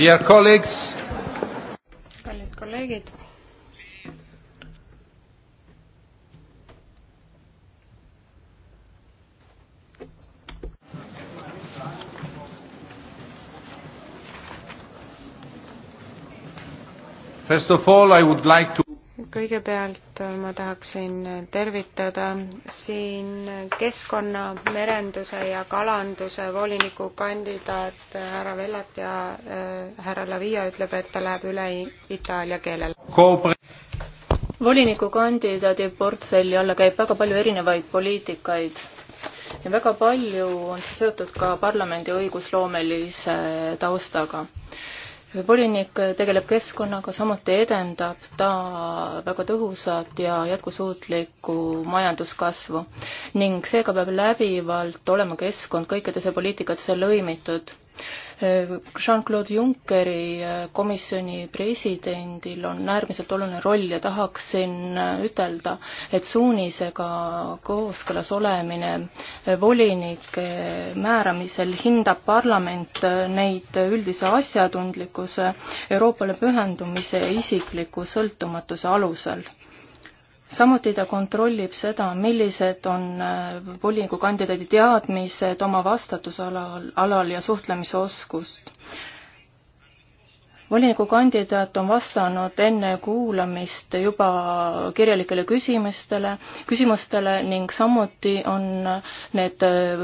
Dear colleagues. kallid kolleegid. First of all, I would like to kõigepealt ma tahaksin tervitada siin keskkonna, merenduse ja kalanduse voliniku kandidaat härra Vellat ja äh, härra Lavia ütleb, et ta läheb üle itaalia keelele. volinikukandidaadi portfelli alla käib väga palju erinevaid poliitikaid ja väga palju on see seotud ka parlamendi õigusloomelise taustaga volinik tegeleb keskkonnaga, samuti edendab ta väga tõhusat ja jätkusuutlikku majanduskasvu ning seega peab läbivalt olema keskkond kõikidesse poliitikatesse lõimitud. Jean-Claude Junckeri äh, komisjoni presidendil on äärmiselt oluline roll ja tahaksin äh, ütelda, et suunisega kooskõlas olemine äh, volinike määramisel hindab parlament neid üldise asjatundlikkuse, Euroopale pühendumise ja isikliku sõltumatuse alusel samuti ta kontrollib seda, millised on äh, volikogu kandidaadi teadmised oma vastutusalal, alal ja suhtlemise oskust volinikukandidaat on vastanud enne kuulamist juba kirjalikele küsimustele, küsimustele ning samuti on need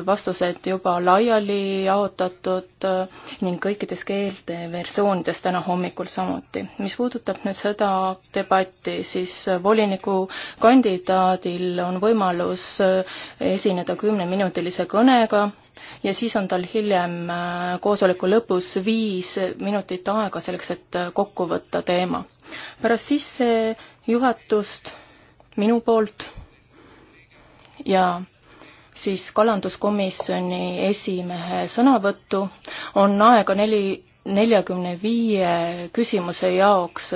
vastused juba laiali jaotatud ning kõikides keelte versioonides täna hommikul samuti. mis puudutab nüüd seda debatti, siis volinikukandidaadil on võimalus esineda kümneminutilise kõnega ja siis on tal hiljem äh, koosoleku lõpus viis minutit aega selleks, et äh, kokku võtta teema. pärast sissejuhatust minu poolt ja siis kalanduskomisjoni esimehe sõnavõttu on aega neli neljakümne viie küsimuse jaoks,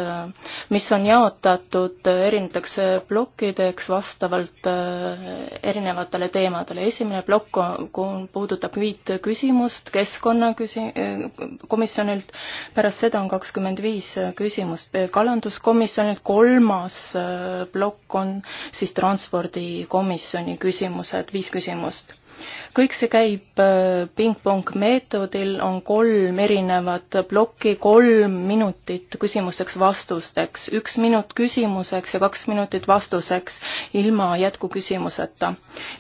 mis on jaotatud erinevateks plokkideks vastavalt äh, erinevatele teemadele. esimene plokk puudutab viit küsimust keskkonnaküsi-, äh, komisjonilt, pärast seda on kakskümmend viis küsimust kalanduskomisjonilt, kolmas äh, plokk on siis transpordikomisjoni küsimused, viis küsimust kõik see käib äh, pingpong meetodil, on kolm erinevat plokki, kolm minutit küsimuseks-vastusteks, üks minut küsimuseks ja kaks minutit vastuseks ilma jätkuküsimuseta.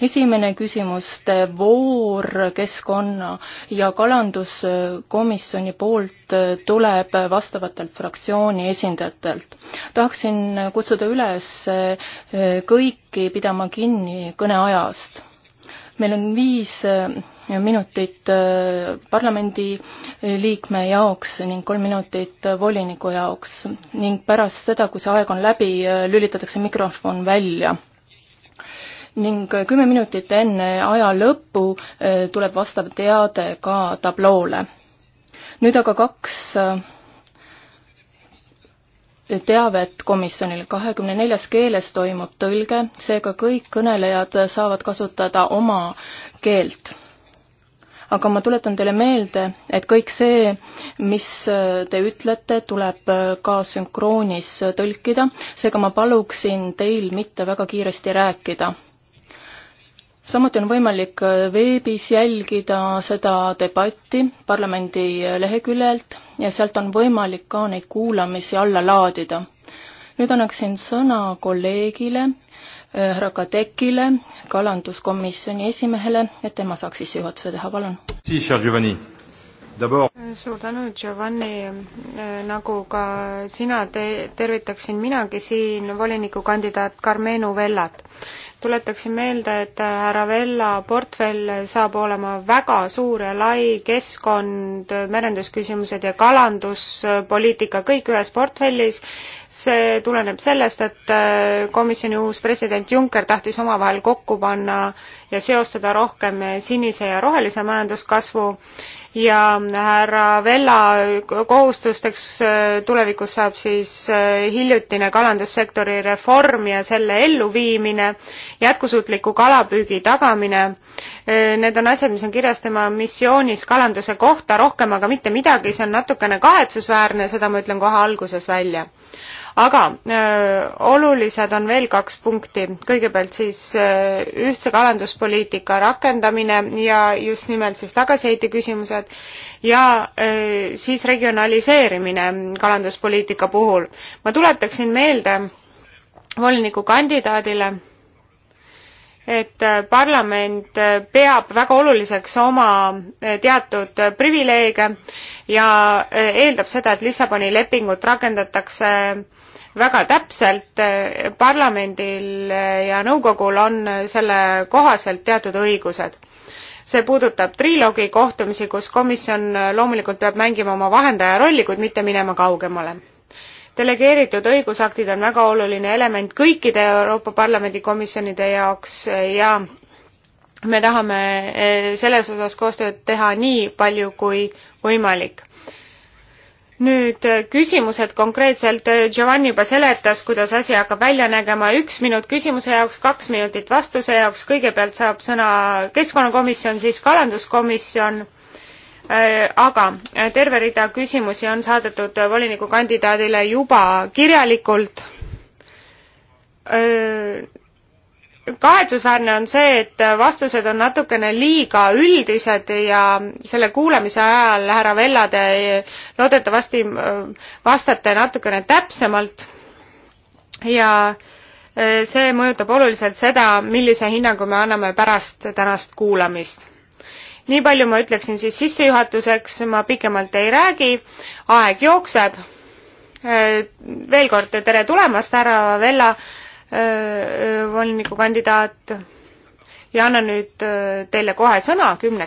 esimene küsimuste voor keskkonna ja kalanduskomisjoni poolt tuleb vastavatelt fraktsiooni esindajatelt. tahaksin kutsuda üles äh, kõiki pidama kinni kõneajast meil on viis äh, minutit äh, parlamendi äh, liikme jaoks ning kolm minutit voliniku jaoks ning pärast seda, kui see aeg on läbi, lülitatakse mikrofon välja. ning kümme minutit enne aja lõppu tuleb vastav teade ka tabloole. nüüd aga kaks teavet komisjonile. kahekümne neljas keeles toimub tõlge, seega kõik kõnelejad saavad kasutada oma keelt. aga ma tuletan teile meelde, et kõik see, mis te ütlete, tuleb ka sünkroonis tõlkida, seega ma paluksin teil mitte väga kiiresti rääkida samuti on võimalik veebis jälgida seda debatti parlamendi leheküljelt ja sealt on võimalik ka neid kuulamisi alla laadida. nüüd annaksin sõna kolleegile, äh, härra Kadekile, kalanduskomisjoni esimehele, et tema saaks sissejuhatuse teha, palun. siis, härra Giovanni suur tänu, Giovanni. Äh, nagu ka sina, tervitaksin minagi siin volinikukandidaat Carmenu Vellat tuletaksin meelde, et äh, härra Vella portfell saab olema väga suur ja lai, keskkond, merendusküsimused ja kalanduspoliitika kõik ühes portfellis. see tuleneb sellest, et äh, komisjoni uus president Juncker tahtis omavahel kokku panna ja seostada rohkem sinise ja rohelise majanduskasvu ja härra Vella kohustusteks äh, tulevikus saab siis äh, hiljutine kalandussektori reform ja selle elluviimine, jätkusuutliku kalapüügi tagamine Äh, need on asjad, mis on kirjas tema missioonis kalanduse kohta, rohkem aga mitte midagi, see on natukene kahetsusväärne, seda ma ütlen kohe alguses välja. aga öö, äh, olulised on veel kaks punkti, kõigepealt siis öö, äh, ühtse kalanduspoliitika rakendamine ja just nimelt siis tagasiheite küsimused ja öö, siis regionaliseerimine kalanduspoliitika puhul. ma tuletaksin meelde volinikukandidaadile et äh, parlament äh, peab väga oluliseks oma äh, teatud privileege ja eeldab seda, et Lissaboni lepingut rakendatakse väga täpselt, parlamendil ja nõukogul on selle kohaselt teatud õigused. see puudutab triloogi kohtumisi, kus komisjon loomulikult peab mängima oma vahendaja rolli, kuid mitte minema kaugemale delegeeritud õigusaktid on väga oluline element kõikide Euroopa Parlamendi komisjonide jaoks ja me tahame e, selles osas koostööd teha nii palju kui võimalik. nüüd e, küsimused konkreetselt, e, Giovanni juba seletas, kuidas asi hakkab välja nägema, üks minut küsimuse jaoks, kaks minutit vastuse jaoks, kõigepealt saab sõna keskkonnakomisjon, siis kalanduskomisjon Äh, aga äh, terve rida küsimusi on saadetud äh, volinikukandidaadile juba kirjalikult. kahetsusväärne on see, et vastused on natukene liiga üldised ja selle kuulamise ajal, härra Vella, te loodetavasti vastate natukene täpsemalt ja see mõjutab oluliselt seda, millise hinnangu me anname pärast tänast kuulamist nii palju ma ütleksin siis sissejuhatuseks, ma pikemalt ei räägi, aeg jookseb. Äh, veel kord tere tulemast, härra Vella, äh, äh, volinikukandidaat ja annan nüüd teile kohe sõna kümneks minutiks.